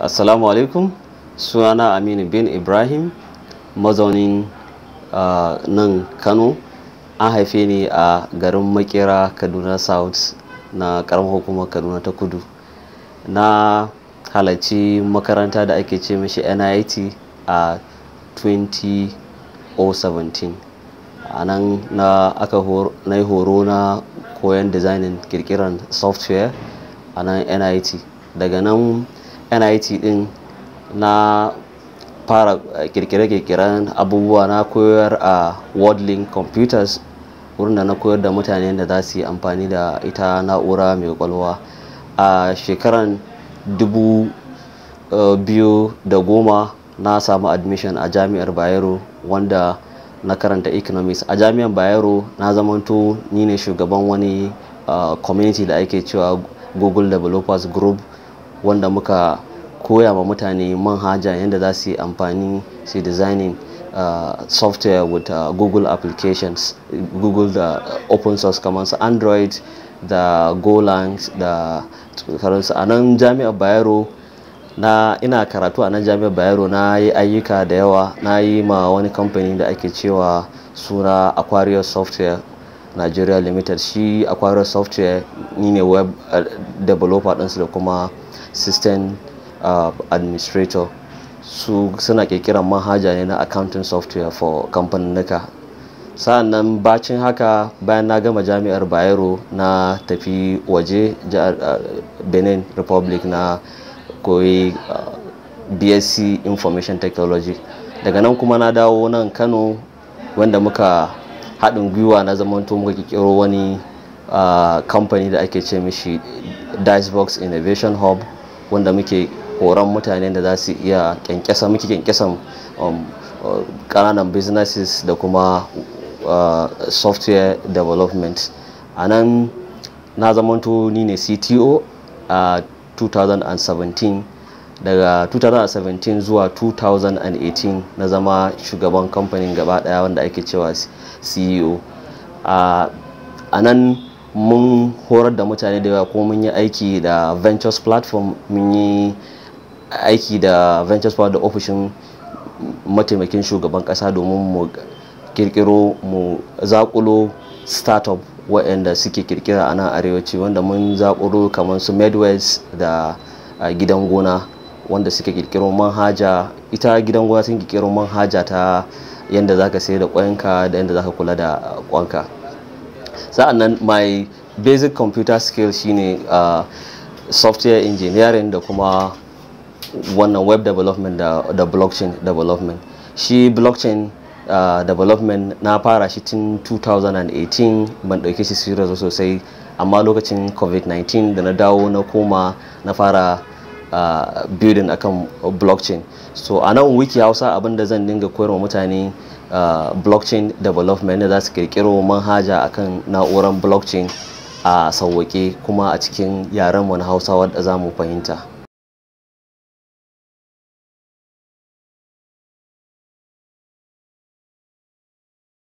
assalamu alaikum sunana aminu bin ibrahim mazaunin nan kano an haife ni a garin makera kaduna south na karamar hukumar kaduna ta kudu na halarci makaranta da ake ce mashi nit a 2017 a nan na aka na yi horo na koyon designing kirkiran software a nan nit daga nan nit din na fara eh, kirkire-kirkiren abubuwa na koyar a worldlink computers wurin da na koyar da mutane da za su yi amfani da ita na'ura mai kwalwa a shekaran dubu eh, biyu da goma na samu admission a jami'ar bayero wanda na karanta economics a jami'ar bayero na zamanto ni ne shugaban wani eh, community da ake cewa google developers group wanda muka koya ma mutane manhaja yadda za su yi amfani su designing Uh, software with uh, Google applications, Google da uh, open source kamar su Android da Golang da karansu a nan jami'ar Bayero na ina karatu a nan jami'ar Bayero na yi ayyuka da yawa na yi ma wani kamfani da ake cewa suna Aquarius Software Nigeria Limited shi Aquarius Software ni ne web uh, developer ɗinsu da kuma system uh, administrator su suna kirkiran manhaja ne na accounting software for kamfaninnika sa'annan bacin haka bayan na gama jami'ar bayero na tafi waje uh, benin republic na koyi uh, bsc information technology daga nan kuma na dawo nan kano wanda muka haɗin gwiwa na zamanto muka kikiro wani uh, kamfani da ake ce mishi dicebox innovation hub wanda muke horon mutane da za su iya kyankyasa muke kyankyasan um, uh, ƙananan businesses da kuma uh, software development a nan na zamanto ni ne cto a 2017 daga 2017 zuwa 2018 na zama shugaban kamfanin gaba daya wanda ake cewa ceo a nan mun horar da mutane da yawa ko mun yi aiki da ventures platform mun yi aiki da ventures platform da ofishin mataimakin shugaban kasa domin mu kirkiro mu zakulo startup waɗanda suke kirkira a nan arewaci wanda mun zakulo kamar su midwest da gidan gona wanda suke kirkiro manhaja ita gidan gona sun kirkiro manhaja ta yadda zaka sayar da kwanka da yadda zaka kula da kwanka sa'annan my basic computer skill shine uh, software engineering da kuma wannan web development da, da blockchain development shi blockchain uh, development na fara shi tun 2018 ban dauke shi serious sosai amma lokacin covid-19 da na dawo na koma na fara uh, building akan blockchain so a nan wiki hausa abinda zan dinga koyarwa mutane blockchain development da za su kirkiro manhaja akan na'urar blockchain a sauwaƙe kuma a cikin yaren wani hausa wadda za mu fahimta